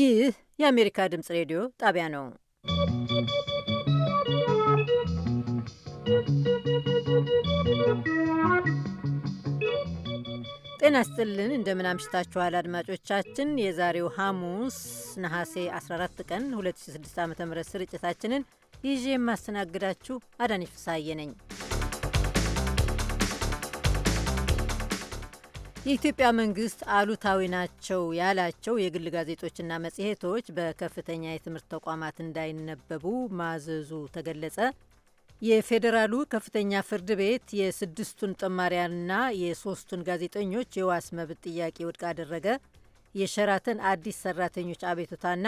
ይህ የአሜሪካ ድምፅ ሬዲዮ ጣቢያ ነው። ጤና ስጥልን፣ እንደምን አምሽታችኋል አድማጮቻችን። የዛሬው ሐሙስ ነሐሴ 14 ቀን 2006 ዓ ም ስርጭታችንን ይዤ የማስተናግዳችሁ አዳነች ፍስሐዬ ነኝ። የኢትዮጵያ መንግስት አሉታዊ ናቸው ያላቸው የግል ጋዜጦችና መጽሔቶች በከፍተኛ የትምህርት ተቋማት እንዳይነበቡ ማዘዙ ተገለጸ። የፌዴራሉ ከፍተኛ ፍርድ ቤት የስድስቱን ጥማሪያንና የሶስቱን ጋዜጠኞች የዋስ መብት ጥያቄ ውድቅ አደረገ። የሸራተን አዲስ ሰራተኞች አቤቱታና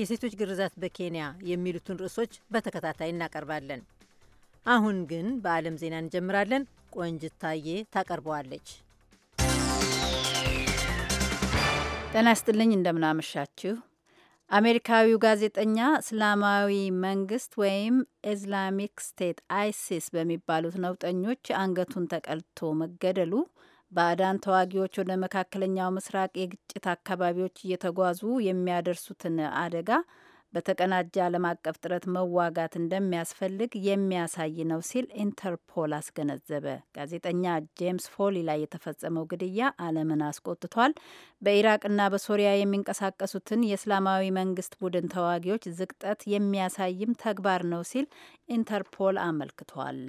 የሴቶች ግርዛት በኬንያ የሚሉትን ርዕሶች በተከታታይ እናቀርባለን። አሁን ግን በዓለም ዜና እንጀምራለን። ቆንጅታዬ ታቀርበዋለች። ጤና ይስጥልኝ። እንደምናመሻችሁ። አሜሪካዊው ጋዜጠኛ እስላማዊ መንግስት ወይም ኢስላሚክ ስቴት አይሲስ በሚባሉት ነውጠኞች አንገቱን ተቀልቶ መገደሉ ባዕዳን ተዋጊዎች ወደ መካከለኛው ምስራቅ የግጭት አካባቢዎች እየተጓዙ የሚያደርሱትን አደጋ በተቀናጀ ዓለም አቀፍ ጥረት መዋጋት እንደሚያስፈልግ የሚያሳይ ነው ሲል ኢንተርፖል አስገነዘበ። ጋዜጠኛ ጄምስ ፎሊ ላይ የተፈጸመው ግድያ ዓለምን አስቆጥቷል። በኢራቅና በሶሪያ የሚንቀሳቀሱትን የእስላማዊ መንግስት ቡድን ተዋጊዎች ዝቅጠት የሚያሳይም ተግባር ነው ሲል ኢንተርፖል አመልክቷል።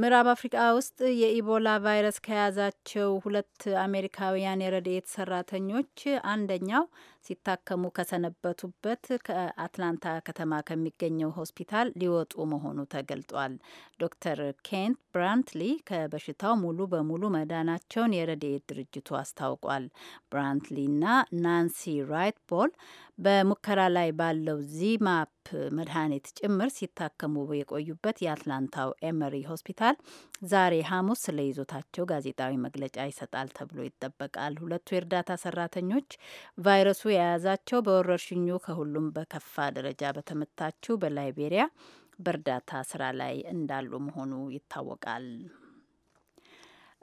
ምዕራብ አፍሪቃ ውስጥ የኢቦላ ቫይረስ ከያዛቸው ሁለት አሜሪካውያን የረድኤት ሰራተኞች አንደኛው ሲታከሙ ከሰነበቱበት ከአትላንታ ከተማ ከሚገኘው ሆስፒታል ሊወጡ መሆኑ ተገልጧል። ዶክተር ኬንት ብራንትሊ ከበሽታው ሙሉ በሙሉ መዳናቸውን የረድኤት ድርጅቱ አስታውቋል። ብራንትሊና ናንሲ ራይት ቦል በሙከራ ላይ ባለው ዚማፕ መድኃኒት ጭምር ሲታከሙ የቆዩበት የአትላንታው ኤመሪ ሆስፒታል ዛሬ ሐሙስ ስለ ይዞታቸው ጋዜጣዊ መግለጫ ይሰጣል ተብሎ ይጠበቃል። ሁለቱ የእርዳታ ሰራተኞች ቫይረሱ የያዛቸው በወረርሽኙ ከሁሉም በከፋ ደረጃ በተመታችው በላይቤሪያ በእርዳታ ስራ ላይ እንዳሉ መሆኑ ይታወቃል።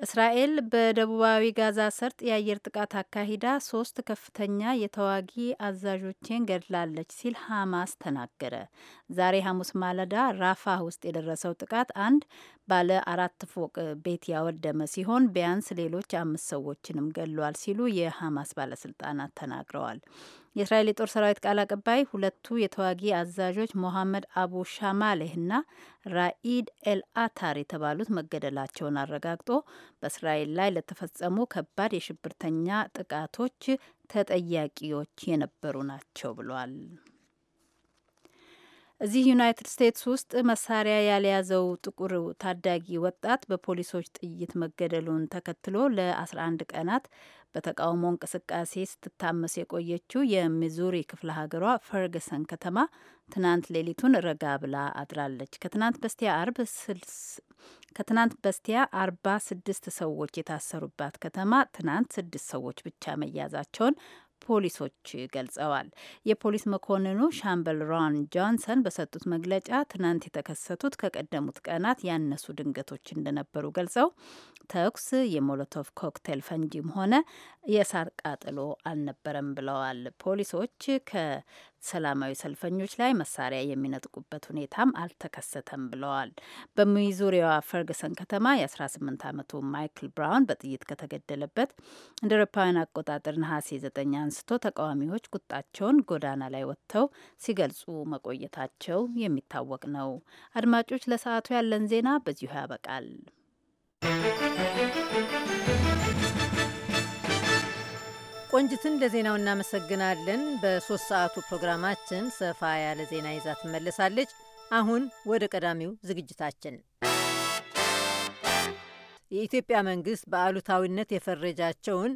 እስራኤል በደቡባዊ ጋዛ ሰርጥ የአየር ጥቃት አካሂዳ ሶስት ከፍተኛ የተዋጊ አዛዦችን ገድላለች ሲል ሀማስ ተናገረ። ዛሬ ሐሙስ ማለዳ ራፋ ውስጥ የደረሰው ጥቃት አንድ ባለ አራት ፎቅ ቤት ያወደመ ሲሆን ቢያንስ ሌሎች አምስት ሰዎችንም ገሏል ሲሉ የሐማስ ባለስልጣናት ተናግረዋል። የእስራኤል የጦር ሰራዊት ቃል አቀባይ ሁለቱ የተዋጊ አዛዦች ሞሐመድ አቡ እና ራኢድ ኤል አታር የተባሉት መገደላቸውን አረጋግጦ በእስራኤል ላይ ለተፈጸሙ ከባድ የሽብርተኛ ጥቃቶች ተጠያቂዎች የነበሩ ናቸው ብሏል። እዚህ ዩናይትድ ስቴትስ ውስጥ መሳሪያ ያልያዘው ጥቁር ታዳጊ ወጣት በፖሊሶች ጥይት መገደሉን ተከትሎ ለ11 ቀናት በተቃውሞ እንቅስቃሴ ስትታመስ የቆየችው የሚዙሪ ክፍለ ሀገሯ ፈርገሰን ከተማ ትናንት ሌሊቱን ረጋ ብላ አድራለች። ከትናንት በስቲያ አርብ ከትናንት በስቲያ አርባ ስድስት ሰዎች የታሰሩባት ከተማ ትናንት ስድስት ሰዎች ብቻ መያዛቸውን ፖሊሶች ገልጸዋል። የፖሊስ መኮንኑ ሻምበል ሮን ጆንሰን በሰጡት መግለጫ ትናንት የተከሰቱት ከቀደሙት ቀናት ያነሱ ድንገቶች እንደነበሩ ገልጸው ተኩስ፣ የሞሎቶቭ ኮክቴል ፈንጂም ሆነ የሳር ቃጥሎ አልነበረም ብለዋል። ፖሊሶች ከ ሰላማዊ ሰልፈኞች ላይ መሳሪያ የሚነጥቁበት ሁኔታም አልተከሰተም ብለዋል። በሚዙሪያዋ ፈርግሰን ከተማ የ18 ዓመቱ ማይክል ብራውን በጥይት ከተገደለበት እንደ አውሮፓውያን አቆጣጠር ነሐሴ 9 አንስቶ ተቃዋሚዎች ቁጣቸውን ጎዳና ላይ ወጥተው ሲገልጹ መቆየታቸው የሚታወቅ ነው። አድማጮች፣ ለሰዓቱ ያለን ዜና በዚሁ ያበቃል። ቆንጅትን ለዜናው እናመሰግናለን። በሶስት ሰዓቱ ፕሮግራማችን ሰፋ ያለ ዜና ይዛ ትመለሳለች። አሁን ወደ ቀዳሚው ዝግጅታችን የኢትዮጵያ መንግሥት በአሉታዊነት የፈረጃቸውን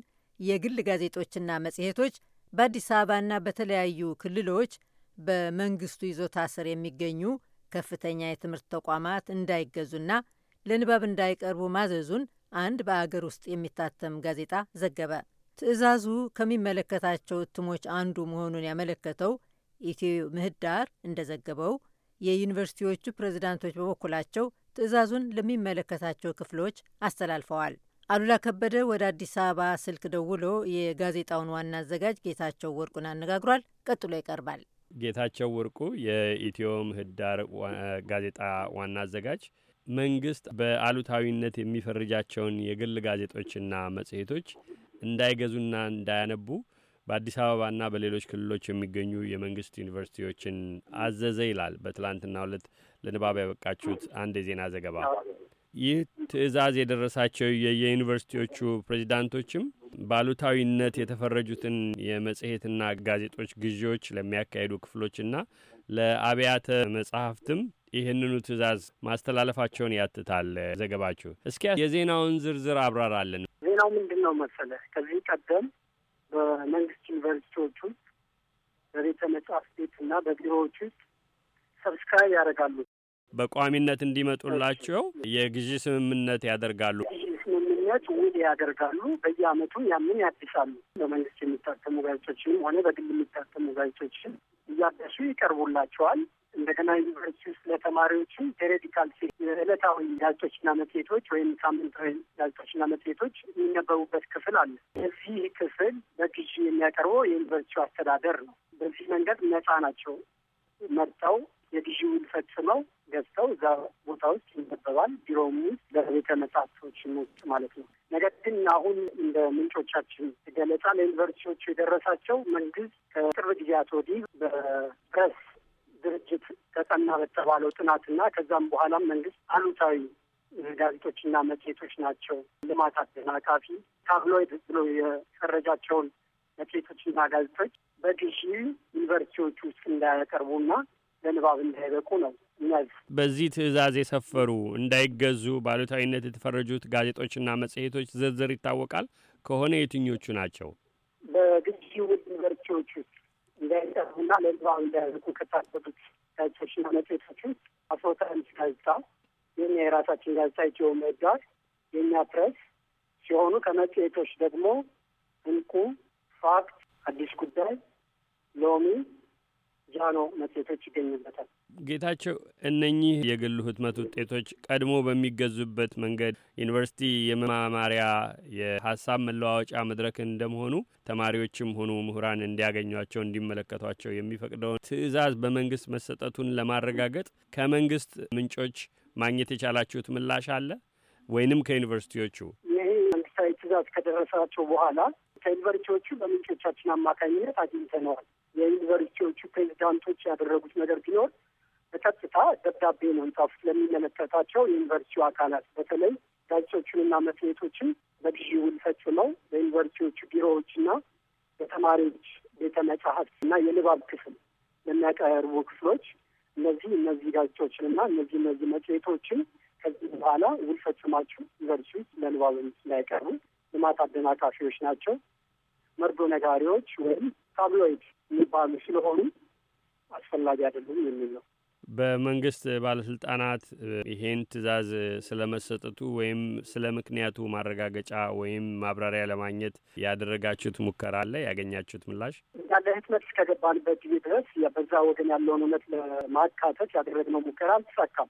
የግል ጋዜጦችና መጽሔቶች በአዲስ አበባና በተለያዩ ክልሎች በመንግስቱ ይዞታ ስር የሚገኙ ከፍተኛ የትምህርት ተቋማት እንዳይገዙና ለንባብ እንዳይቀርቡ ማዘዙን አንድ በአገር ውስጥ የሚታተም ጋዜጣ ዘገበ። ትዕዛዙ ከሚመለከታቸው እትሞች አንዱ መሆኑን ያመለከተው ኢትዮ ምህዳር እንደዘገበው የዩኒቨርሲቲዎቹ ፕሬዝዳንቶች በበኩላቸው ትዕዛዙን ለሚመለከታቸው ክፍሎች አስተላልፈዋል። አሉላ ከበደ ወደ አዲስ አበባ ስልክ ደውሎ የጋዜጣውን ዋና አዘጋጅ ጌታቸው ወርቁን አነጋግሯል። ቀጥሎ ይቀርባል። ጌታቸው ወርቁ የኢትዮ ምህዳር ጋዜጣ ዋና አዘጋጅ መንግስት በአሉታዊነት የሚፈርጃቸውን የግል ጋዜጦችና መጽሔቶች እንዳይገዙና እንዳያነቡ በአዲስ አበባና በሌሎች ክልሎች የሚገኙ የመንግስት ዩኒቨርሲቲዎችን አዘዘ ይላል በትላንትና ሁለት ለንባብ ያበቃችሁት አንድ የዜና ዘገባ። ይህ ትዕዛዝ የደረሳቸው የየዩኒቨርሲቲዎቹ ፕሬዚዳንቶችም ባሉታዊነት የተፈረጁትን የመጽሔትና ጋዜጦች ግዢዎች ለሚያካሂዱ ክፍሎችና ለአብያተ መጽሐፍትም ይህንኑ ትዕዛዝ ማስተላለፋቸውን ያትታል ዘገባችሁ። እስኪ የዜናውን ዝርዝር አብራራለን። ሌላው ምንድን ነው መሰለ ከዚህ ቀደም በመንግስት ዩኒቨርሲቲዎች ውስጥ በቤተ መጻሕፍት ቤት እና በቢሮዎች ውስጥ ሰብስክራይብ ያደርጋሉ። በቋሚነት እንዲመጡላቸው የግዢ ስምምነት ያደርጋሉ። ግዢ ስምምነት ውል ያደርጋሉ። በየአመቱ ያምን ያድሳሉ። በመንግስት የሚታተሙ ጋዜጦችንም ሆነ በግል የሚታተሙ ጋዜጦችን እያደሱ ይቀርቡላቸዋል። እንደገና ዩኒቨርሲቲ ውስጥ ለተማሪዎችም ፔሬዲካል ዕለታዊ ጋዜጦችና መጽሄቶች ወይም ሳምንታዊ ጋዜጦችና መጽሄቶች የሚነበቡበት ክፍል አለ። እዚህ ክፍል በግዢ የሚያቀርበው የዩኒቨርሲቲው አስተዳደር ነው። በዚህ መንገድ ነፃ ናቸው። መርጠው የግዢ ውል ፈጽመው ገዝተው እዛ ቦታ ውስጥ ይነበባል። ቢሮውም ውስጥ በቤተ መጽሐፍቶች ውስጥ ማለት ነው። ነገር ግን አሁን እንደ ምንጮቻችን ገለጻ ለዩኒቨርሲቲዎቹ የደረሳቸው መንግስት ከቅርብ ጊዜያት ወዲህ በፕረስ ድርጅት ከጠና በተባለው ጥናትና ከዛም በኋላም መንግስት አሉታዊ ጋዜጦችና መጽሔቶች ናቸው ልማት አደናቃፊ ታብሎይድ ብሎ የፈረጃቸውን መጽሔቶችና ጋዜጦች በግዢ ዩኒቨርሲቲዎች ውስጥ እንዳያቀርቡና ለንባብ እንዳይበቁ ነው። በዚህ ትዕዛዝ የሰፈሩ እንዳይገዙ ባሉታዊነት የተፈረጁት ጋዜጦችና መጽሔቶች ዝርዝር ይታወቃል ከሆነ የትኞቹ ናቸው? በግዢ ውድ ዩኒቨርሲቲዎች ውስጥ እንዳይጠሩና ለንባብ እንዳያልቁ ከታሰሩት ጋዜጦችና መጽሔቶችን አፍሮ ታይምስ ጋዜጣ፣ የኛ የራሳችን ጋዜጣ ኢትዮ ምህዳር፣ የእኛ ፕሬስ ሲሆኑ ከመጽሔቶች ደግሞ እንቁ፣ ፋክት፣ አዲስ ጉዳይ፣ ሎሚ፣ ጃኖ መጽሔቶች ይገኙበታል። ጌታቸው እነኚህ የግል ህትመት ውጤቶች ቀድሞ በሚገዙበት መንገድ ዩኒቨርሲቲ የመማማሪያ የሀሳብ መለዋወጫ መድረክ እንደመሆኑ ተማሪዎችም ሆኑ ምሁራን እንዲያገኟቸው እንዲመለከቷቸው የሚፈቅደውን ትዕዛዝ በመንግስት መሰጠቱን ለማረጋገጥ ከመንግስት ምንጮች ማግኘት የቻላችሁት ምላሽ አለ ወይንም ከዩኒቨርሲቲዎቹ ይህ መንግስታዊ ትዕዛዝ ከደረሳቸው በኋላ ከዩኒቨርሲቲዎቹ በምንጮቻችን አማካኝነት አግኝተነዋል። የዩኒቨርሲቲዎቹ ፕሬዚዳንቶች ያደረጉት ነገር ቢኖር በቀጥታ ደብዳቤ ነው የጻፉት ለሚመለከታቸው የዩኒቨርሲቲው አካላት በተለይ ጋዜጦችንና መጽሔቶችን በግዢ ውል ፈጽመው በዩኒቨርሲቲዎቹ ቢሮዎችና በተማሪዎች ቤተ መጻሕፍት እና የንባብ ክፍል ለሚያቀርቡ ክፍሎች እነዚህ እነዚህ ጋዜጦችንና እነዚህ እነዚህ መጽሔቶችን ከዚህ በኋላ ውል ፈጽማችሁ ዩኒቨርሲቲ ውስጥ ለንባብ እንዳይቀርቡ ልማት አደናቃፊዎች ናቸው፣ መርዶ ነጋሪዎች ወይም ታብሎይድ የሚባሉ ስለሆኑ አስፈላጊ አይደሉም የሚል ነው። በመንግስት ባለስልጣናት ይሄን ትዕዛዝ ስለመሰጠቱ ወይም ስለ ምክንያቱ ማረጋገጫ ወይም ማብራሪያ ለማግኘት ያደረጋችሁት ሙከራ አለ? ያገኛችሁት ምላሽ? ያለ ህትመት እስከገባንበት ጊዜ ድረስ በዛ ወገን ያለውን እውነት ለማካተት ያደረግነው ሙከራ አልተሳካም።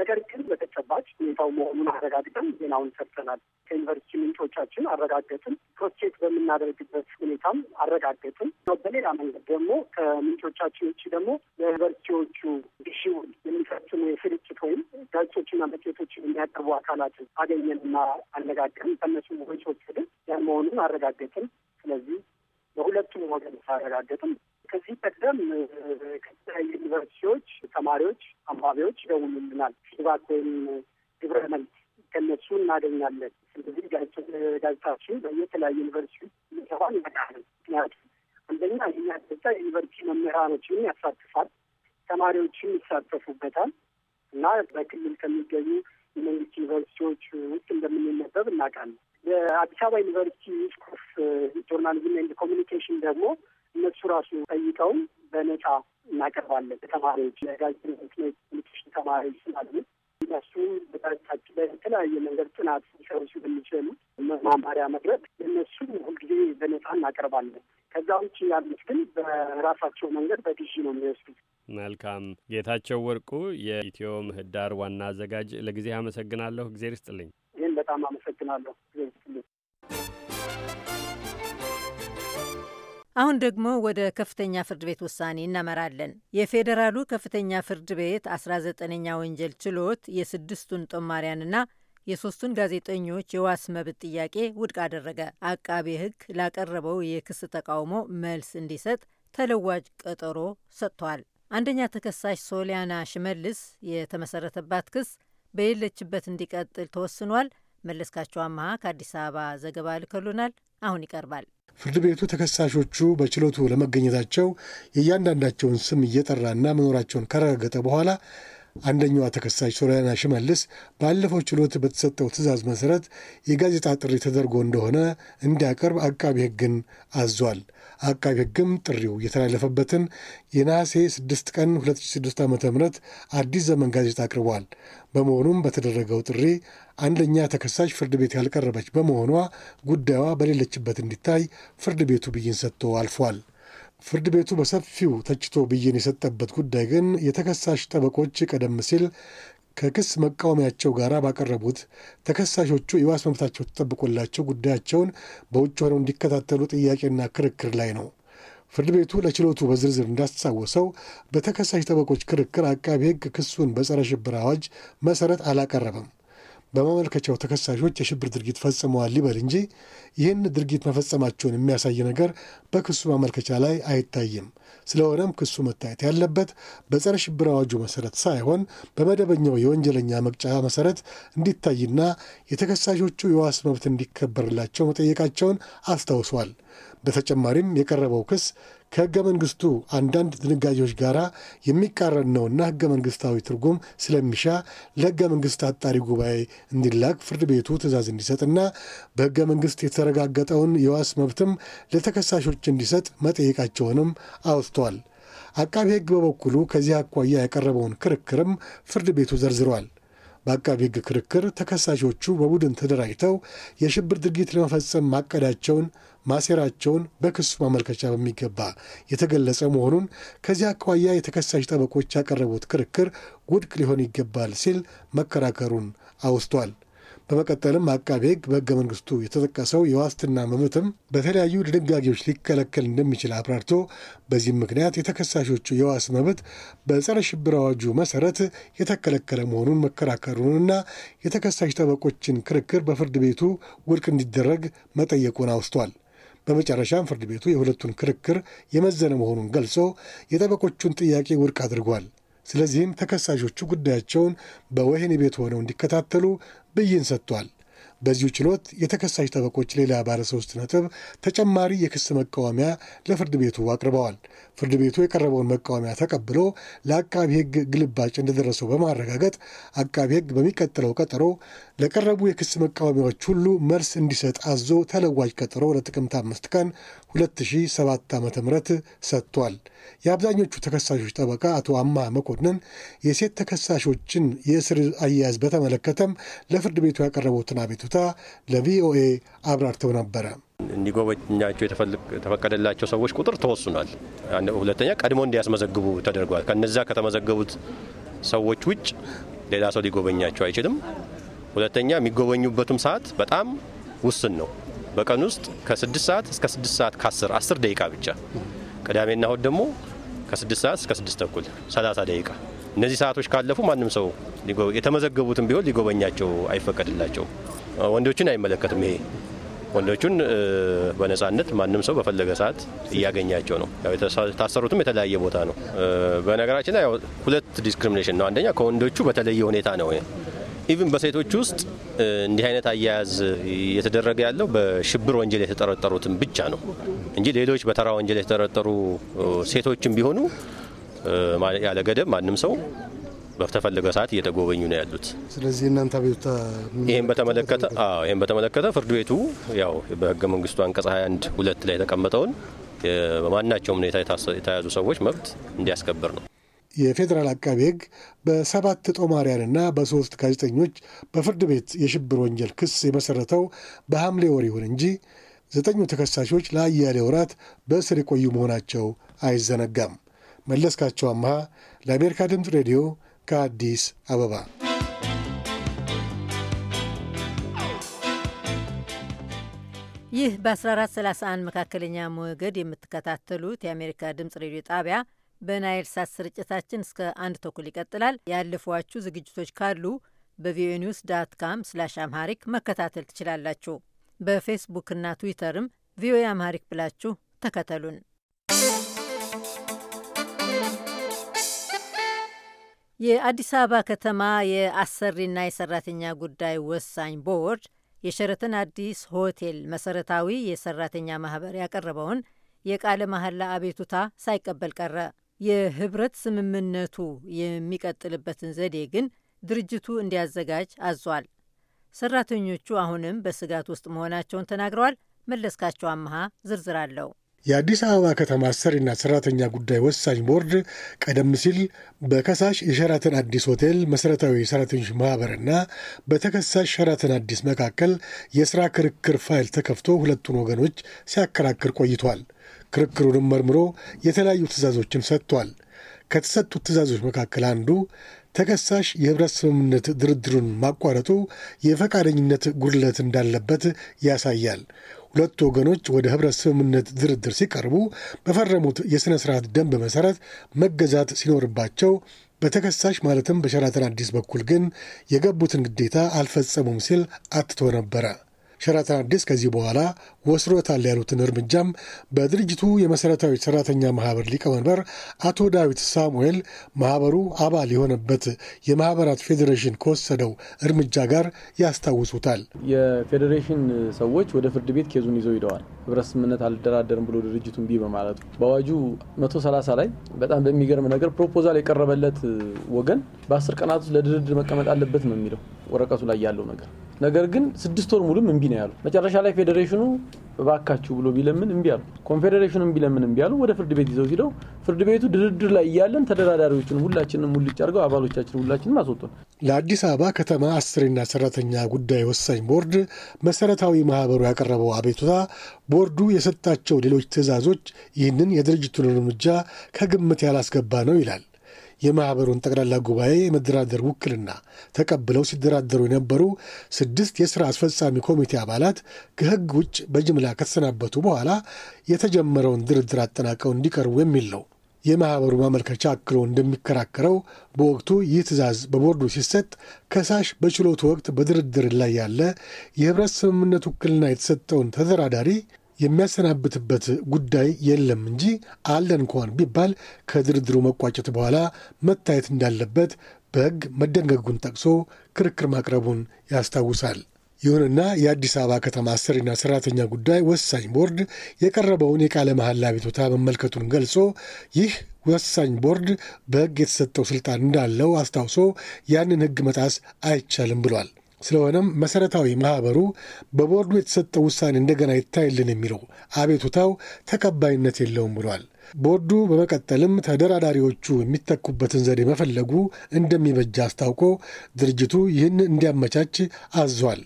ነገር ግን በተጨባጭ ሁኔታው መሆኑን አረጋግጠን ዜናውን ሰጥተናል። ከዩኒቨርሲቲ ምንጮቻችን አረጋገጥን። ፕሮስቼክ በምናደርግበት ሁኔታም አረጋገጥን። በሌላ መንገድ ደግሞ ከምንጮቻችን ውጭ ደግሞ ለዩኒቨርሲቲዎቹ ግዢውን የሚፈጽሙ የስርጭት ወይም ጋዜጦችና መጽሔቶችን የሚያቀርቡ አካላት አገኘንና አነጋገርን። ከእነሱ ወይሶች ያን መሆኑን አረጋገጥን። ስለዚህ በሁለቱም ወገን ሳረጋገጥም ከዚህ ቀደም ከተለያዩ ዩኒቨርሲቲዎች ተማሪዎች፣ አንባቢዎች ይደውሉልናል። ፊድባክ ወይም ግብረ መልስ ከነሱ እናገኛለን። ስለዚህ ጋዜጣችን በየተለያዩ ዩኒቨርሲቲ ሰባን ይመጣል። ምክንያቱም አንደኛ ይህ ጋዜጣ ዩኒቨርሲቲ መምህራኖችን ያሳትፋል፣ ተማሪዎችም ይሳተፉበታል እና በክልል ከሚገኙ የመንግስት ዩኒቨርሲቲዎች ውስጥ እንደምንነበብ እናውቃለን። የአዲስ አበባ ዩኒቨርሲቲ ስኮፍ ጆርናሊዝም ኤንድ ኮሚኒኬሽን ደግሞ እነሱ ራሱ ጠይቀውን በነጻ እናቀርባለን ተማሪዎች ለጋዜጠኞች ነው ተማሪዎች ስላሉ እነሱ በጋዜጣችን ላይ የተለያየ መንገድ ጥናት ሊሰሩ የሚችሉ መማማሪያ መድረክ እነሱ ሁልጊዜ በነጻ እናቀርባለን። ከዛ ውጭ ያሉት ግን በራሳቸው መንገድ በግዢ ነው የሚወስዱት። መልካም ጌታቸው ወርቁ የኢትዮ ምህዳር ዋና አዘጋጅ፣ ለጊዜ አመሰግናለሁ። እግዜር ይስጥልኝ። ይህን በጣም አመሰግናለሁ። አሁን ደግሞ ወደ ከፍተኛ ፍርድ ቤት ውሳኔ እናመራለን። የፌዴራሉ ከፍተኛ ፍርድ ቤት 19ኛ ወንጀል ችሎት የስድስቱን ጦማሪያንና የሶስቱን ጋዜጠኞች የዋስ መብት ጥያቄ ውድቅ አደረገ። አቃቤ ሕግ ላቀረበው የክስ ተቃውሞ መልስ እንዲሰጥ ተለዋጭ ቀጠሮ ሰጥቷል። አንደኛ ተከሳሽ ሶሊያና ሽመልስ የተመሰረተባት ክስ በሌለችበት እንዲቀጥል ተወስኗል። መለስካቸው አመሃ ከአዲስ አበባ ዘገባ ልከሉናል። አሁን ይቀርባል። ፍርድ ቤቱ ተከሳሾቹ በችሎቱ ለመገኘታቸው የእያንዳንዳቸውን ስም እየጠራና መኖራቸውን ከረጋገጠ በኋላ አንደኛዋ ተከሳሽ ሶሊያና ሽመልስ ባለፈው ችሎት በተሰጠው ትዕዛዝ መሠረት የጋዜጣ ጥሪ ተደርጎ እንደሆነ እንዲያቀርብ አቃቢ ሕግን አዟል። አቃቢ ህግም ጥሪው የተላለፈበትን የነሐሴ 6 ቀን 2006 ዓ ም አዲስ ዘመን ጋዜጣ አቅርቧል። በመሆኑም በተደረገው ጥሪ አንደኛ ተከሳሽ ፍርድ ቤት ያልቀረበች በመሆኗ ጉዳዩዋ በሌለችበት እንዲታይ ፍርድ ቤቱ ብይን ሰጥቶ አልፏል። ፍርድ ቤቱ በሰፊው ተችቶ ብይን የሰጠበት ጉዳይ ግን የተከሳሽ ጠበቆች ቀደም ሲል ከክስ መቃወሚያቸው ጋር ባቀረቡት ተከሳሾቹ የዋስ መብታቸው ተጠብቆላቸው ጉዳያቸውን በውጭ ሆነው እንዲከታተሉ ጥያቄና ክርክር ላይ ነው። ፍርድ ቤቱ ለችሎቱ በዝርዝር እንዳስታወሰው በተከሳሽ ጠበቆች ክርክር አቃቢ ሕግ ክሱን በጸረ ሽብር አዋጅ መሰረት አላቀረበም። በማመልከቻው ተከሳሾች የሽብር ድርጊት ፈጽመዋል ሊበል እንጂ ይህን ድርጊት መፈጸማቸውን የሚያሳይ ነገር በክሱ ማመልከቻ ላይ አይታይም። ስለሆነም ክሱ መታየት ያለበት በጸረ ሽብር አዋጁ መሰረት ሳይሆን በመደበኛው የወንጀለኛ መቅጫ መሰረት እንዲታይና የተከሳሾቹ የዋስ መብት እንዲከበርላቸው መጠየቃቸውን አስታውሷል። በተጨማሪም የቀረበው ክስ ከህገ መንግስቱ አንዳንድ ድንጋጌዎች ጋር የሚቃረን ነውና ህገ መንግስታዊ ትርጉም ስለሚሻ ለህገ መንግስት አጣሪ ጉባኤ እንዲላክ ፍርድ ቤቱ ትዕዛዝ እንዲሰጥና በህገ መንግስት የተረጋገጠውን የዋስ መብትም ለተከሳሾች እንዲሰጥ መጠየቃቸውንም አውስተዋል። አቃቢ ህግ በበኩሉ ከዚህ አኳያ ያቀረበውን ክርክርም ፍርድ ቤቱ ዘርዝረዋል። በአቃቢ ሕግ ክርክር ተከሳሾቹ በቡድን ተደራጅተው የሽብር ድርጊት ለመፈጸም ማቀዳቸውን ማሴራቸውን በክሱ ማመልከቻ በሚገባ የተገለጸ መሆኑን ከዚህ አኳያ የተከሳሽ ጠበቆች ያቀረቡት ክርክር ውድቅ ሊሆን ይገባል ሲል መከራከሩን አውስቷል። በመቀጠልም አቃቤ ሕግ በሕገ መንግስቱ የተጠቀሰው የዋስትና መብትም በተለያዩ ድንጋጌዎች ሊከለከል እንደሚችል አብራርቶ በዚህም ምክንያት የተከሳሾቹ የዋስ መብት በጸረ ሽብር አዋጁ መሰረት የተከለከለ መሆኑን መከራከሩንና የተከሳሽ ጠበቆችን ክርክር በፍርድ ቤቱ ውድቅ እንዲደረግ መጠየቁን አውስቷል። በመጨረሻም ፍርድ ቤቱ የሁለቱን ክርክር የመዘነ መሆኑን ገልጾ የጠበቆቹን ጥያቄ ውድቅ አድርጓል። ስለዚህም ተከሳሾቹ ጉዳያቸውን በወህኒ ቤት ሆነው እንዲከታተሉ ብይን ሰጥቷል። በዚሁ ችሎት የተከሳሽ ጠበቆች ሌላ ባለሶስት ነጥብ ተጨማሪ የክስ መቃወሚያ ለፍርድ ቤቱ አቅርበዋል። ፍርድ ቤቱ የቀረበውን መቃወሚያ ተቀብሎ ለአቃቢ ሕግ ግልባጭ እንደደረሰው በማረጋገጥ አቃቢ ሕግ በሚቀጥለው ቀጠሮ ለቀረቡ የክስ መቃወሚያዎች ሁሉ መልስ እንዲሰጥ አዞ ተለዋጅ ቀጠሮ ለጥቅምት አምስት ቀን 2007 ዓ ም ሰጥቷል። የአብዛኞቹ ተከሳሾች ጠበቃ አቶ አማ መኮንን የሴት ተከሳሾችን የእስር አያያዝ በተመለከተም ለፍርድ ቤቱ ያቀረቡትን አቤቱታ ለቪኦኤ አብራርተው ነበረ። እንዲጎበኛቸው የተፈቀደላቸው ሰዎች ቁጥር ተወስኗል። ሁለተኛ ቀድሞ እንዲያስመዘግቡ ተደርጓል። ከነዚያ ከተመዘገቡት ሰዎች ውጭ ሌላ ሰው ሊጎበኛቸው አይችልም። ሁለተኛ የሚጎበኙበትም ሰዓት በጣም ውስን ነው። በቀን ውስጥ ከስድስት ሰዓት እስከ ስድስት ሰዓት ከአስር አስር ደቂቃ ብቻ ቅዳሜና እሁድ ደግሞ ከስድስት ሰዓት እስከ ስድስት ተኩል ሰላሳ ደቂቃ እነዚህ ሰዓቶች ካለፉ ማንም ሰው የተመዘገቡትም ቢሆን ሊጎበኛቸው አይፈቀድላቸው። ወንዶችን አይመለከትም ይሄ ወንዶቹን በነጻነት ማንም ሰው በፈለገ ሰዓት እያገኛቸው ነው። የታሰሩትም የተለያየ ቦታ ነው። በነገራችን ላይ ሁለት ዲስክሪሚኔሽን ነው። አንደኛ ከወንዶቹ በተለየ ሁኔታ ነው። ኢቭን በሴቶች ውስጥ እንዲህ አይነት አያያዝ እየተደረገ ያለው በሽብር ወንጀል የተጠረጠሩትን ብቻ ነው እንጂ ሌሎች በተራ ወንጀል የተጠረጠሩ ሴቶችም ቢሆኑ ያለ ገደብ ማንም ሰው በተፈለገ ሰዓት እየተጎበኙ ነው ያሉት። ስለዚህ እናንተ ይህን በተመለከተ ይህን በተመለከተ ፍርድ ቤቱ ያው በህገ መንግስቱ አንቀጽ 21 ሁለት ላይ የተቀመጠውን በማናቸውም ሁኔታ የተያዙ ሰዎች መብት እንዲያስከብር ነው። የፌዴራል አቃቤ ህግ በሰባት ጦማሪያንና በሶስት ጋዜጠኞች በፍርድ ቤት የሽብር ወንጀል ክስ የመሰረተው በሐምሌ ወር ይሁን እንጂ ዘጠኙ ተከሳሾች ለአያሌ ወራት በእስር የቆዩ መሆናቸው አይዘነጋም። መለስካቸው አምሃ ለአሜሪካ ድምፅ ሬዲዮ ከአዲስ አበባ ይህ በ1431 መካከለኛ ሞገድ የምትከታተሉት የአሜሪካ ድምፅ ሬዲዮ ጣቢያ በናይል ሳት ስርጭታችን እስከ አንድ ተኩል ይቀጥላል። ያለፏችሁ ዝግጅቶች ካሉ በቪኦኤ ኒውስ ዳት ካም ስላሽ አምሃሪክ መከታተል ትችላላችሁ። በፌስቡክና ትዊተርም ቪኦኤ አምሃሪክ ብላችሁ ተከተሉን። የአዲስ አበባ ከተማ የአሰሪና የሰራተኛ ጉዳይ ወሳኝ ቦርድ የሸረተን አዲስ ሆቴል መሰረታዊ የሰራተኛ ማህበር ያቀረበውን የቃለ መሐላ አቤቱታ ሳይቀበል ቀረ። የህብረት ስምምነቱ የሚቀጥልበትን ዘዴ ግን ድርጅቱ እንዲያዘጋጅ አዟል። ሰራተኞቹ አሁንም በስጋት ውስጥ መሆናቸውን ተናግረዋል። መለስካቸው አመሃ ዝርዝር አለው። የአዲስ አበባ ከተማ አሰሪና ሰራተኛ ጉዳይ ወሳኝ ቦርድ ቀደም ሲል በከሳሽ የሸራተን አዲስ ሆቴል መሠረታዊ ሰራተኞች ማኅበርና በተከሳሽ ሸራተን አዲስ መካከል የሥራ ክርክር ፋይል ተከፍቶ ሁለቱን ወገኖች ሲያከራክር ቆይቷል። ክርክሩንም መርምሮ የተለያዩ ትእዛዞችን ሰጥቷል። ከተሰጡት ትእዛዞች መካከል አንዱ ተከሳሽ የህብረት ስምምነት ድርድሩን ማቋረጡ የፈቃደኝነት ጉድለት እንዳለበት ያሳያል። ሁለቱ ወገኖች ወደ ህብረት ስምምነት ድርድር ሲቀርቡ በፈረሙት የሥነ ሥርዓት ደንብ መሠረት መገዛት ሲኖርባቸው በተከሳሽ ማለትም በሸራተን አዲስ በኩል ግን የገቡትን ግዴታ አልፈጸሙም ሲል አትቶ ነበረ። ሸራተን አዲስ ከዚህ በኋላ ወስዶታል ያሉትን እርምጃም በድርጅቱ የመሠረታዊ ሠራተኛ ማኅበር ሊቀመንበር አቶ ዳዊት ሳሙኤል ማኅበሩ አባል የሆነበት የማኅበራት ፌዴሬሽን ከወሰደው እርምጃ ጋር ያስታውሱታል። የፌዴሬሽን ሰዎች ወደ ፍርድ ቤት ኬዙን ይዘው ሂደዋል። ህብረት ስምምነት አልደራደርም ብሎ ድርጅቱ ቢ በማለቱ በአዋጁ 130 ላይ በጣም በሚገርም ነገር ፕሮፖዛል የቀረበለት ወገን በአስር ቀናት ውስጥ ለድርድር መቀመጥ አለበት ነው የሚለው ወረቀቱ ላይ ያለው ነገር ነገር ግን ስድስት ወር ሙሉም እምቢ ነው ያሉ። መጨረሻ ላይ ፌዴሬሽኑ እባካችሁ ብሎ ቢለምን እምቢ አሉ። ኮንፌዴሬሽኑም ቢለምን እምቢ አሉ። ወደ ፍርድ ቤት ይዘው ሲለው ፍርድ ቤቱ ድርድር ላይ እያለን ተደራዳሪዎችን ሁላችንም ሙልጭ አድርገው አባሎቻችን ሁላችንም አስወጡን። ለአዲስ አበባ ከተማ አስሪና ሰራተኛ ጉዳይ ወሳኝ ቦርድ መሰረታዊ ማህበሩ ያቀረበው አቤቱታ ቦርዱ የሰጣቸው ሌሎች ትዕዛዞች ይህንን የድርጅቱን እርምጃ ከግምት ያላስገባ ነው ይላል። የማኅበሩን ጠቅላላ ጉባኤ የመደራደር ውክልና ተቀብለው ሲደራደሩ የነበሩ ስድስት የሥራ አስፈጻሚ ኮሚቴ አባላት ከሕግ ውጭ በጅምላ ከተሰናበቱ በኋላ የተጀመረውን ድርድር አጠናቀው እንዲቀርቡ የሚል ነው። የማኅበሩ ማመልከቻ አክሎ እንደሚከራከረው በወቅቱ ይህ ትዕዛዝ በቦርዱ ሲሰጥ ከሳሽ በችሎቱ ወቅት በድርድር ላይ ያለ የህብረት ስምምነት ውክልና የተሰጠውን ተደራዳሪ የሚያሰናብትበት ጉዳይ የለም እንጂ አለ እንኳን ቢባል ከድርድሩ መቋጨት በኋላ መታየት እንዳለበት በሕግ መደንገጉን ጠቅሶ ክርክር ማቅረቡን ያስታውሳል። ይሁንና የአዲስ አበባ ከተማ አሰሪና ሰራተኛ ጉዳይ ወሳኝ ቦርድ የቀረበውን የቃለ መሐላ ቤቶታ መመልከቱን ገልጾ ይህ ወሳኝ ቦርድ በሕግ የተሰጠው ስልጣን እንዳለው አስታውሶ ያንን ሕግ መጣስ አይቻልም ብሏል። ስለሆነም መሰረታዊ ማህበሩ በቦርዱ የተሰጠው ውሳኔ እንደገና ይታይልን የሚለው አቤቱታው ተቀባይነት የለውም ብሏል። ቦርዱ በመቀጠልም ተደራዳሪዎቹ የሚተኩበትን ዘዴ መፈለጉ እንደሚበጃ አስታውቆ ድርጅቱ ይህን እንዲያመቻች አዟል።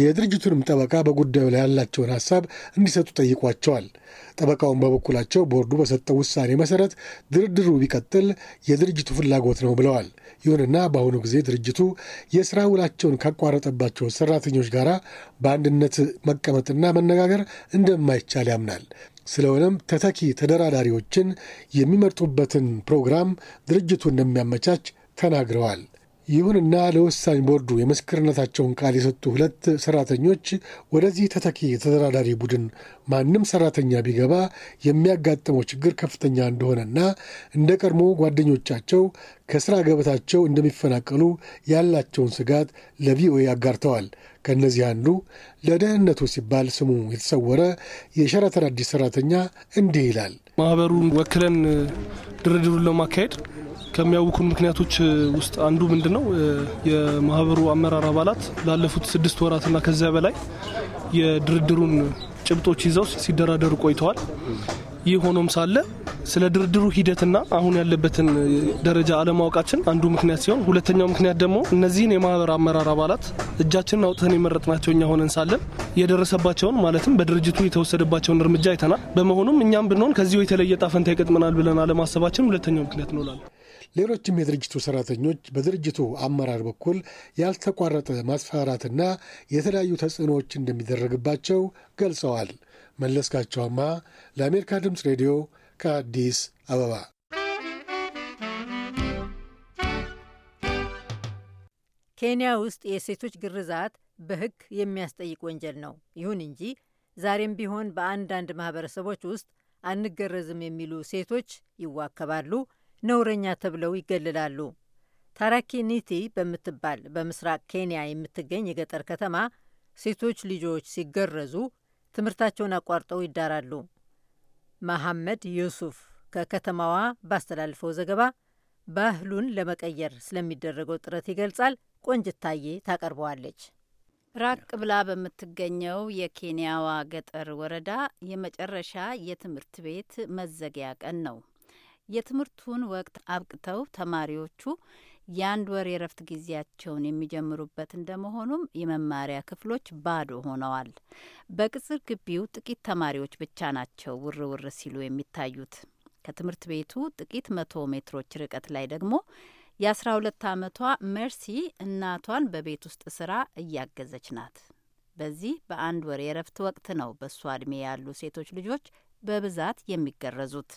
የድርጅቱንም ጠበቃ በጉዳዩ ላይ ያላቸውን ሀሳብ እንዲሰጡ ጠይቋቸዋል። ጠበቃውን በበኩላቸው ቦርዱ በሰጠው ውሳኔ መሰረት ድርድሩ ቢቀጥል የድርጅቱ ፍላጎት ነው ብለዋል። ይሁንና በአሁኑ ጊዜ ድርጅቱ የስራ ውላቸውን ካቋረጠባቸው ሰራተኞች ጋር በአንድነት መቀመጥና መነጋገር እንደማይቻል ያምናል። ስለሆነም ተተኪ ተደራዳሪዎችን የሚመርጡበትን ፕሮግራም ድርጅቱ እንደሚያመቻች ተናግረዋል። ይሁንና ለወሳኝ ቦርዱ የምስክርነታቸውን ቃል የሰጡ ሁለት ሰራተኞች ወደዚህ ተተኪ የተደራዳሪ ቡድን ማንም ሰራተኛ ቢገባ የሚያጋጥመው ችግር ከፍተኛ እንደሆነና እንደ ቀድሞ ጓደኞቻቸው ከስራ ገበታቸው እንደሚፈናቀሉ ያላቸውን ስጋት ለቪኦኤ አጋርተዋል። ከእነዚህ አንዱ ለደህንነቱ ሲባል ስሙ የተሰወረ የሸራተን አዲስ ሰራተኛ እንዲህ ይላል። ማህበሩን ወክለን ድርድሩን ለማካሄድ ከሚያውኩን ምክንያቶች ውስጥ አንዱ ምንድን ነው የማህበሩ አመራር አባላት ላለፉት ስድስት ወራትና ከዚያ በላይ የድርድሩን ጭብጦች ይዘው ሲደራደሩ ቆይተዋል። ይህ ሆኖም ሳለ ስለ ድርድሩ ሂደትና አሁን ያለበትን ደረጃ አለማወቃችን አንዱ ምክንያት ሲሆን፣ ሁለተኛው ምክንያት ደግሞ እነዚህን የማህበር አመራር አባላት እጃችንን አውጥተን የመረጥናቸው እኛ ሆነን ሳለን የደረሰባቸውን ማለትም በድርጅቱ የተወሰደባቸውን እርምጃ አይተናል። በመሆኑም እኛም ብንሆን ከዚሁ የተለየ ጣፈንታ ይገጥመናል ብለን አለማሰባችን ሁለተኛው ምክንያት እንውላለን። ሌሎችም የድርጅቱ ሰራተኞች በድርጅቱ አመራር በኩል ያልተቋረጠ ማስፈራራትና የተለያዩ ተጽዕኖዎች እንደሚደረግባቸው ገልጸዋል። መለስካቸው ለአሜሪካ ድምፅ ሬዲዮ ከአዲስ አበባ። ኬንያ ውስጥ የሴቶች ግርዛት በሕግ የሚያስጠይቅ ወንጀል ነው። ይሁን እንጂ ዛሬም ቢሆን በአንዳንድ ማህበረሰቦች ውስጥ አንገረዝም የሚሉ ሴቶች ይዋከባሉ፣ ነውረኛ ተብለው ይገለላሉ። ታራኪኒቲ በምትባል በምስራቅ ኬንያ የምትገኝ የገጠር ከተማ ሴቶች ልጆች ሲገረዙ ትምህርታቸውን አቋርጠው ይዳራሉ። መሐመድ ዩሱፍ ከከተማዋ ባስተላልፈው ዘገባ ባህሉን ለመቀየር ስለሚደረገው ጥረት ይገልጻል። ቆንጅታዬ ታቀርበዋለች። ራቅ ብላ በምትገኘው የኬንያዋ ገጠር ወረዳ የመጨረሻ የትምህርት ቤት መዘጊያ ቀን ነው። የትምህርቱን ወቅት አብቅተው ተማሪዎቹ የአንድ ወር የረፍት ጊዜያቸውን የሚጀምሩበት እንደመሆኑም የመማሪያ ክፍሎች ባዶ ሆነዋል። በቅጽር ግቢው ጥቂት ተማሪዎች ብቻ ናቸው ውር ውር ሲሉ የሚታዩት። ከትምህርት ቤቱ ጥቂት መቶ ሜትሮች ርቀት ላይ ደግሞ የ12 አመቷ መርሲ እናቷን በቤት ውስጥ ስራ እያገዘች ናት። በዚህ በአንድ ወር የረፍት ወቅት ነው በእሷ እድሜ ያሉ ሴቶች ልጆች በብዛት የሚገረዙት።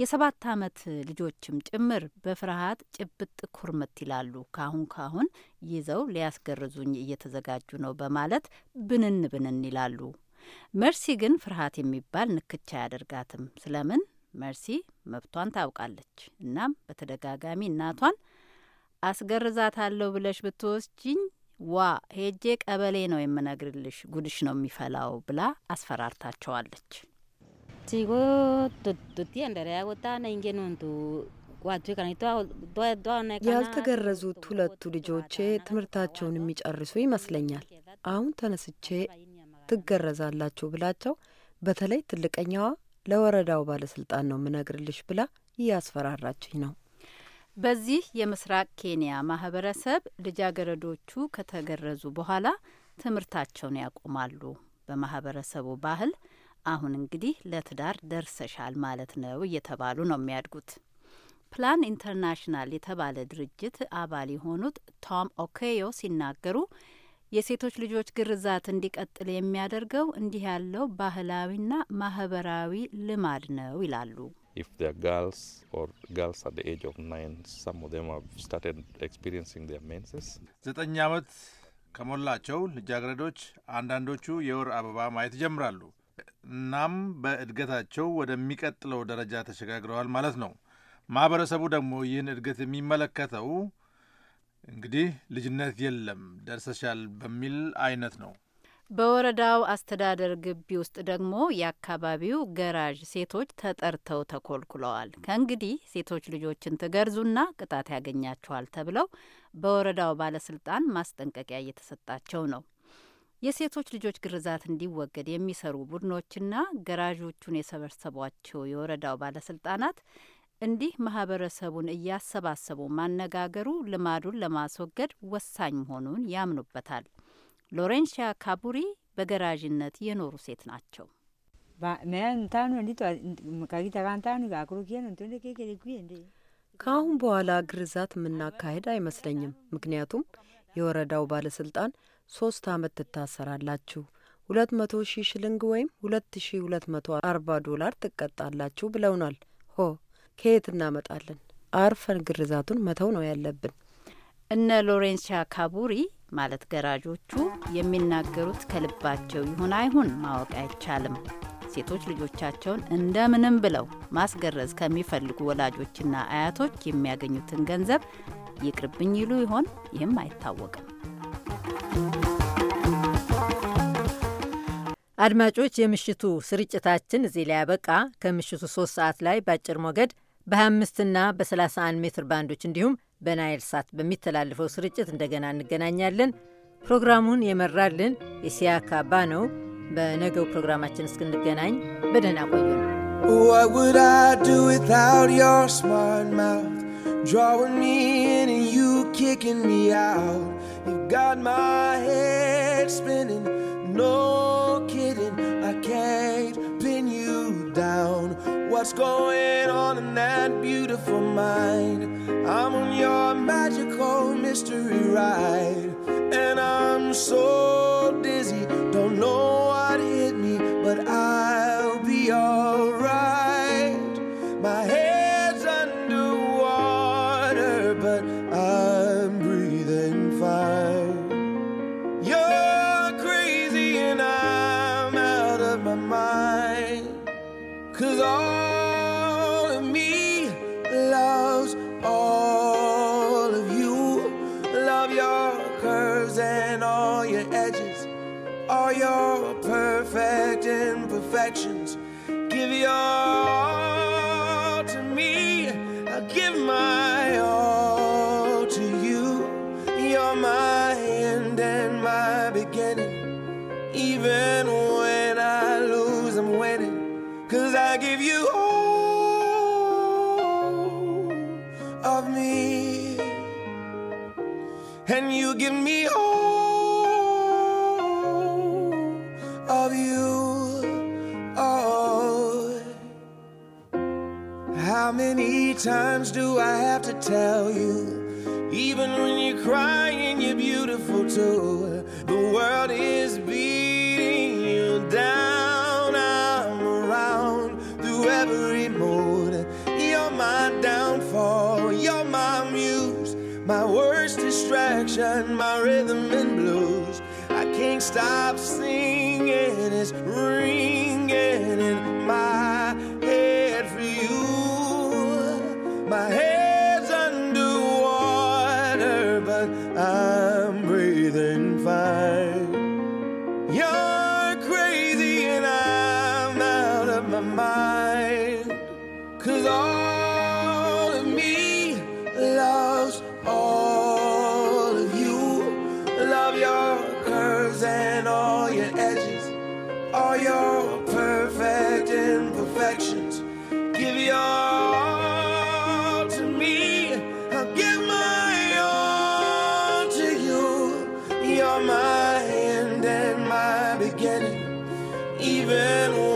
የሰባት ዓመት ልጆችም ጭምር በፍርሃት ጭብጥ ኩርምት ይላሉ። ካሁን ካሁን ይዘው ሊያስገርዙኝ እየተዘጋጁ ነው በማለት ብንን ብንን ይላሉ። መርሲ ግን ፍርሃት የሚባል ንክቻ አያደርጋትም። ስለምን? መርሲ መብቷን ታውቃለች። እናም በተደጋጋሚ እናቷን አስገርዛታለሁ ብለሽ ብትወስጅኝ ዋ ሄጄ ቀበሌ ነው የምነግርልሽ፣ ጉድሽ ነው የሚፈላው ብላ አስፈራርታቸዋለች። tigo tutendera yagutana inge nuntu ያልተገረዙት ሁለቱ ልጆቼ ትምህርታቸውን የሚጨርሱ ይመስለኛል። አሁን ተነስቼ ትገረዛላችሁ ብላቸው፣ በተለይ ትልቀኛዋ ለወረዳው ባለስልጣን ነው ምነግርልሽ ብላ እያስፈራራችኝ ነው። በዚህ የምስራቅ ኬንያ ማህበረሰብ ልጃገረዶቹ ከተገረዙ በኋላ ትምህርታቸውን ያቆማሉ። በማህበረሰቡ ባህል አሁን እንግዲህ ለትዳር ደርሰሻል ማለት ነው እየተባሉ ነው የሚያድጉት። ፕላን ኢንተርናሽናል የተባለ ድርጅት አባል የሆኑት ቶም ኦኬዮ ሲናገሩ የሴቶች ልጆች ግርዛት እንዲቀጥል የሚያደርገው እንዲህ ያለው ባህላዊና ማህበራዊ ልማድ ነው ይላሉ። ዘጠኝ ዓመት ከሞላቸው ልጃገረዶች አንዳንዶቹ የወር አበባ ማየት ይጀምራሉ። እናም በእድገታቸው ወደሚቀጥለው ደረጃ ተሸጋግረዋል ማለት ነው። ማህበረሰቡ ደግሞ ይህን እድገት የሚመለከተው እንግዲህ ልጅነት የለም ደርሰሻል በሚል አይነት ነው። በወረዳው አስተዳደር ግቢ ውስጥ ደግሞ የአካባቢው ገራዥ ሴቶች ተጠርተው ተኮልኩለዋል። ከእንግዲህ ሴቶች ልጆችን ትገርዙና ቅጣት ያገኛችኋል ተብለው በወረዳው ባለስልጣን ማስጠንቀቂያ እየተሰጣቸው ነው። የሴቶች ልጆች ግርዛት እንዲወገድ የሚሰሩ ቡድኖችና ገራዦቹን የሰበሰቧቸው የወረዳው ባለስልጣናት እንዲህ ማህበረሰቡን እያሰባሰቡ ማነጋገሩ ልማዱን ለማስወገድ ወሳኝ መሆኑን ያምኑበታል። ሎሬንሺያ ካቡሪ በገራዥነት የኖሩ ሴት ናቸው። ከአሁን በኋላ ግርዛት የምናካሄድ አይመስለኝም። ምክንያቱም የወረዳው ባለስልጣን ሶስት አመት ትታሰራላችሁ፣ ሁለት መቶ ሺ ሽልንግ ወይም ሁለት ሺ ሁለት መቶ አርባ ዶላር ትቀጣላችሁ ብለውናል። ሆ ከየት እናመጣለን? አርፈን ግርዛቱን መተው ነው ያለብን። እነ ሎሬንሻ ካቡሪ ማለት ገራጆቹ የሚናገሩት ከልባቸው ይሁን አይሁን ማወቅ አይቻልም። ሴቶች ልጆቻቸውን እንደምንም ብለው ማስገረዝ ከሚፈልጉ ወላጆችና አያቶች የሚያገኙትን ገንዘብ ይቅርብኝ ይሉ ይሆን? ይህም አይታወቅም። አድማጮች፣ የምሽቱ ስርጭታችን እዚህ ላይ ያበቃ። ከምሽቱ ሶስት ሰዓት ላይ በአጭር ሞገድ በ25 እና በ31 ሜትር ባንዶች እንዲሁም በናይል ሳት በሚተላልፈው ስርጭት እንደገና እንገናኛለን። ፕሮግራሙን የመራልን የሲያካ ባ ነው። በነገው ፕሮግራማችን እስክንገናኝ በደህና ቆዩ። What would I do without your smart mouth? Drawing me in and you kicking me out. got my head spinning. No kidding, I can't pin you down. What's going on in that beautiful mind? I'm on your magical mystery ride, and I'm so dizzy, don't know what hit me, but I'll be alright. Cause all of me loves all of you. Love your curves and all your edges, all your perfect imperfections. Give your give me all of you. Oh. How many times do I have to tell you? Even when you're crying, you're beautiful too. The world is beautiful. distraction, my rhythm and blues. I can't stop singing, it's real. vivendo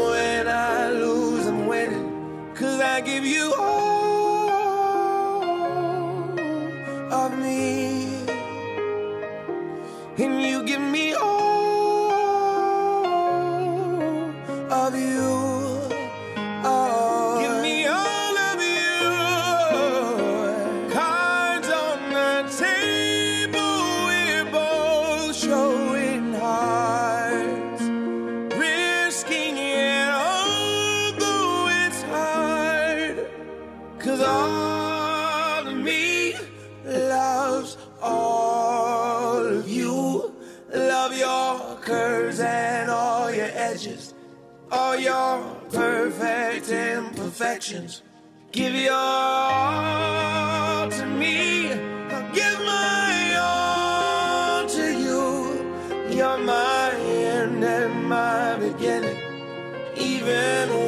actions. Give your all to me. I'll give my all to you. You're my end and my beginning. Even